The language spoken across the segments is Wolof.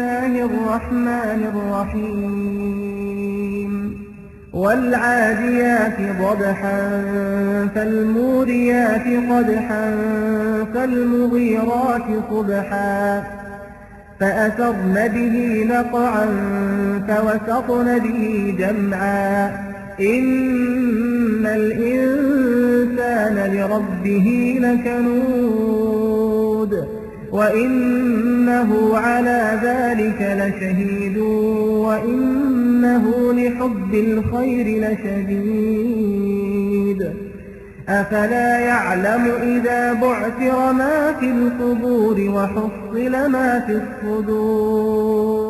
الله الرحمن الرحيم والعاديات ضبحا فالموريات قدحا فالمغيرات صبحا فأثرن به نقعا فوسطن به جمعا إن الإنسان لربه لكنود وإنه على ذلك لشهيد وإنه لحب الخير لشديد أفلا يعلم إذا بعثر ما في القبور وحصل ما في الصدور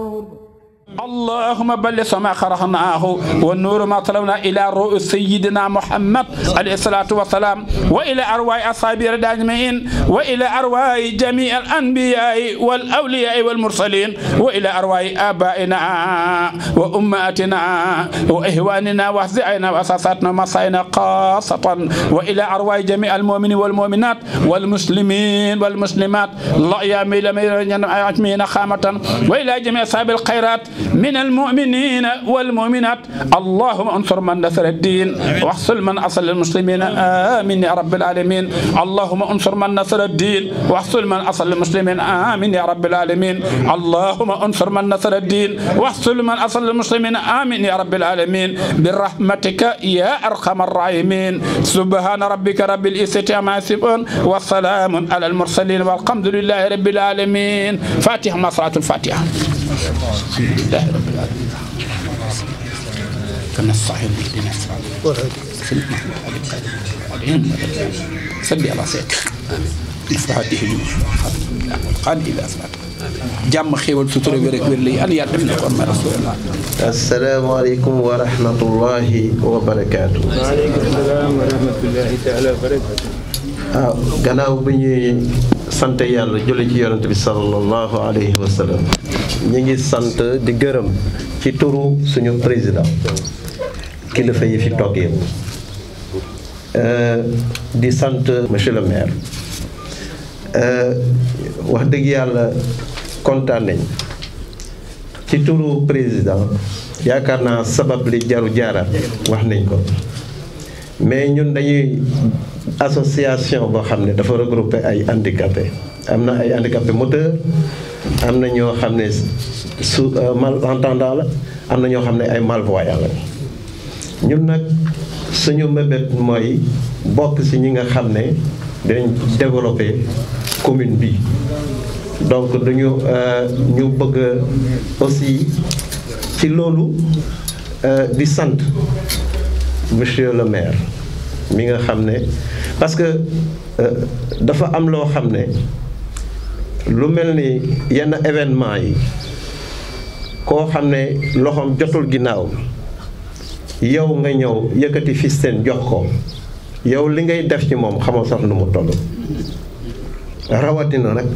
اللهم بلغ ما قرأناه والنور ما طلبنا إلى رؤوس سيدنا محمد عليه الصلاة والسلام وإلى أرواح أصحاب أجمعين وإلى أرواح جميع الأنبياء والأولياء والمرسلين وإلى أرواح آبائنا وأمهاتنا وإخواننا وزعنا وأساساتنا ومصائنا خاصة وإلى أرواح جميع المؤمنين والمؤمنات والمسلمين والمسلمات الله يا ميل ميل أجمعين خامة وإلى جميع أصحاب الخيرات من المؤمنين والمؤمنات اللهم انصر من نصر الدين واحصل من اصل المسلمين امين يا رب العالمين اللهم انصر من نصر الدين واحصل من اصل المسلمين امين يا رب العالمين اللهم انصر من نصر الدين واحصل من اصل المسلمين امين يا رب العالمين برحمتك يا ارحم الراحمين سبحان ربك رب العزه عما يصفون وسلام على المرسلين والحمد لله رب العالمين فاتحه صلاه الفاتحه السلام عليكم ورحمه الله وبركاته وعليكم السلام ورحمه الله تعالى وبركاته waaw ah, gannaaw bi ñuy sant yàlla julli ci yonent bi sallallahu alayhi wa sallam ñu ngi sant di gërëm ci turu suñu président kilifa yi fi toog yëpp eh, di sant monsieur le maire eh, wax dëgg yàlla kontaan ci turu président yaakaar naa sabab li jaru jaaraat wax nañ ko mais ñun dañuy association boo xam ne dafa regrouper ay handicapé am na ay handicapé moteur am na ñoo xam ne su euh, malentendant la am na ñoo xam ne ay malvoyant la ñun nag suñu mébét mooy bokk ci ñi nga xam ne dinañ développer commune bi donc duñu euh, ñu bëgg aussi ci loolu euh, di sant monsieur le maire mi nga xam ne parce que euh, dafa am loo xam ne lu mel ni yenn événement yi koo xam ne loxoom jotul ginnaaw yow nga ñëw yëkkati fisteen jox ko yow li ngay def ci moom xamoo sax lu mu toll rawatina nag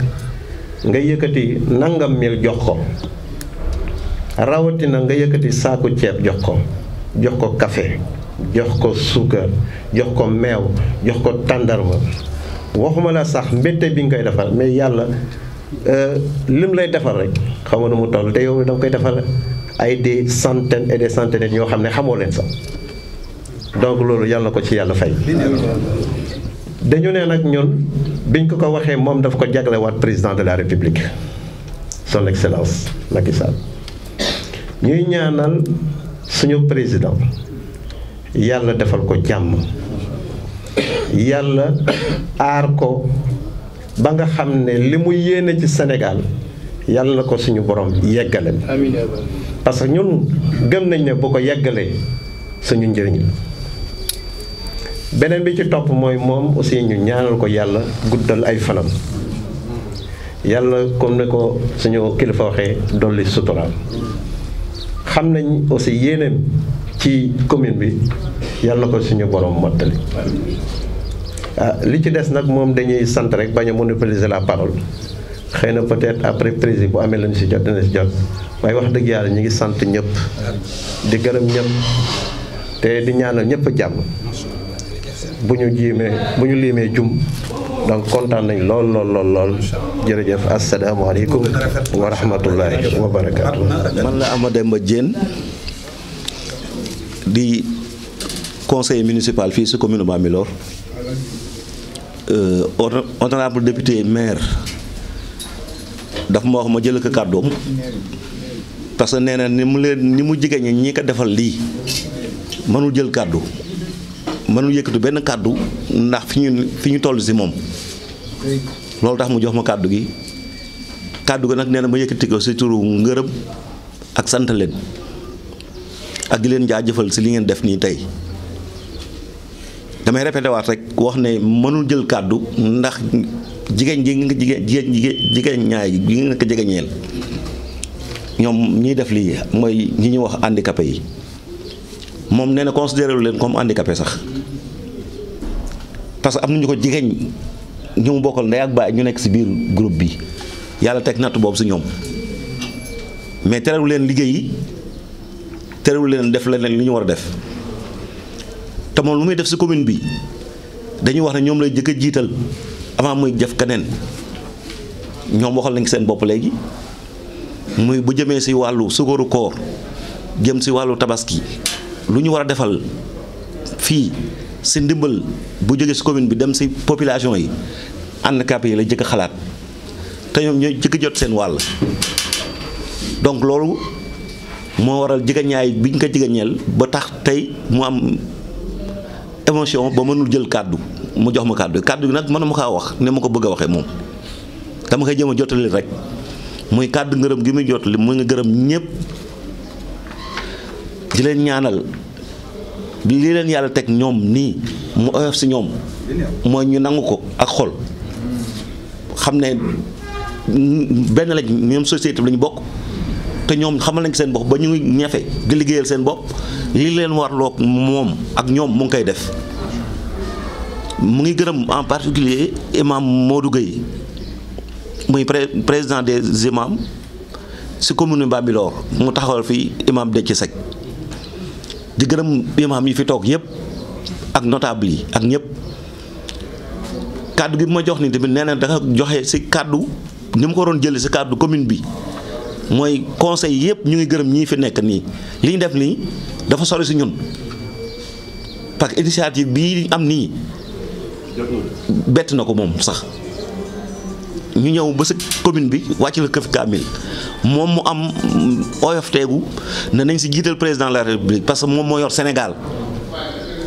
nga yëkkati nangam mil jox ko rawatina nga yëkkati saaku ceeb jox ko jox ko kafe jox ko suukar jox ko meew jox ko tàndarma waxuma la sax mbette bi nga koy defar mais yàlla euh, lim lay defar rek xamoo nu mu toll te yow da nga koy defar ay de centaines et des centaines ñoo xam ne xamoo leen sax donc loolu yàlla ko ci yàlla fay. dañu ne nag ñun biñ ko ko waxee moom daf ko jaglewaat président de la république son excellence Macky Sall ñuy ñaanal suñu président. yàlla defal ko jàmm yàlla aar ko ba nga xam ne li mu yéene ci Sénégal yàlla na ko suñu borom yeggale parce que ñun gëm nañ ne bu ko yeggalee suñu njëriñ la beneen bi ci topp mooy moom aussi ñu ñaanal ko yàlla guddal ay fanam yàlla comme ne ko suñu kilifa waxee dolli suturaal xam nañ aussi yéeneem ci commune bi yalla ko suñu borom motali ah li ci dess nak mom dañuy sant rek baña monopoliser la parole xeyna peut-être après président bu amé lañ si jot dana si jot way wax deug yalla ñi ngi sant ñepp di gërëm ñepp té di ñaanal ñepp jamm buñu ñu buñu limé jum donc kontaan nañ lol lol lol lool assalamu alaykum wa rahmatullahi wa barakatuh man la amade Demba Diène di conseil municipal fi ci commune euh honorable député maire daf mo wax ma jël ko cadeau parce que nee ni mu le ni mu jigéen ni ñi ko defal li manu jël cadeau manu yëkëtu ben cadeau ndax fiñu fiñu tollu ci mom lolou tax mu jox ma cadeau gi cadeau gi nag nee ma yëkëti ko ci turu ngërëm ak sant ak di leen jëfal si li ngeen def nii tey damay répété waat rek wax ne mënul jël kàddu ndax jigéen ji nga jigéen jigéen jigéen ñaay gi nga ko jege ñoom ñiy def lii mooy ñi ñuy wax handicapé yi moom nee na considéré leen comme handicapé sax parce que am na ñu ko jigéen ñu mu bokkal ndey ak baay ñu nekk si biir groupe bi yàlla teg natt boobu si ñoom mais terewu leen liggéey terewul leen def leneen lu ñu war a def te moom lu muy def si commune bi dañuy wax ne ñoom lay jëkk jiital avant muy jëf keneen ñoom waxal nañ seen bopp léegi muy bu jëmee si wàllu sukooru koor jëm si wàllu tabaski lu ñu war a defal fii si ndimbal bu jógee si commune bi dem si population yi handicapés yi la jëkk xalaat te ñoom ñooy jëkk jot seen wàll donc loolu moo waral jegeñaay biñ ko jegeñeel ba tax tey mu am émotion ba mënul jël kàddu mu jox ma kàddu kàddu gi nag mën na ma kaa wax ne ma ko bëgg a waxee moom dama koy jëm a jotali rek muy kàddu ngërëm gi muy jotali mu ngi gërëm ñëpp di leen ñaanal li leen yàlla teg ñoom nii mu oyof si ñoom mooy ñu nangu ko ak xol xam ne benn lañ ñoom société lañu bokk te ñoom xamal nañ seen bopp ba ñu ñafe di liggéeyal seen bopp li leen warloog moom ak ñoom mu ngi koy def mu ngi gërëm en particulier imam Modou Gueye muy président des imams si commune Bambilor mu taxawal fi imam ci Seck di gërëm imam yi fi toog yëpp ak notable yi ak ñëpp kàddu gi bu ma jox ni tamit nee na dafa joxe si kàddu ni mu ko doon jëlee si kàddu commune bi mooy conseil yëpp ñu ngi gërëm ñii fi nekk nii li ñu def nii dafa sori si ñun parce que initiative bii am nii bett na ko moom sax ñu ñëw ba sa commune bi wàcc la këf kaamil moom mu am oyof teegu ne nañ si jiital président la république parce que moom moo yor Sénégal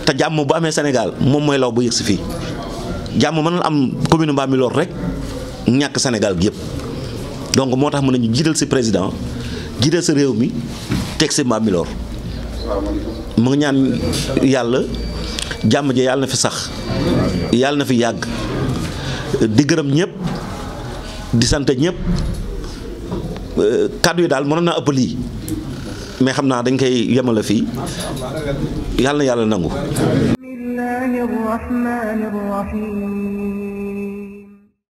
te jàmm bu amee Sénégal moom mooy law bu yëg si fii jàmm mën na am commune Bambilor rek ñàkk Sénégal gi yëpp donc moo tax mën nañu jiital si président jiital sa réew mi teg si maam mi mu ngi ñaan yàlla jàmm ji yàlla na fi sax yàlla na fi yàgg di gërëm ñëpp di sant ñëpp kàddu yi daal mënoon naa ëpp lii mais xam naa dañ koy yemale fii yàlla na yàlla nangu.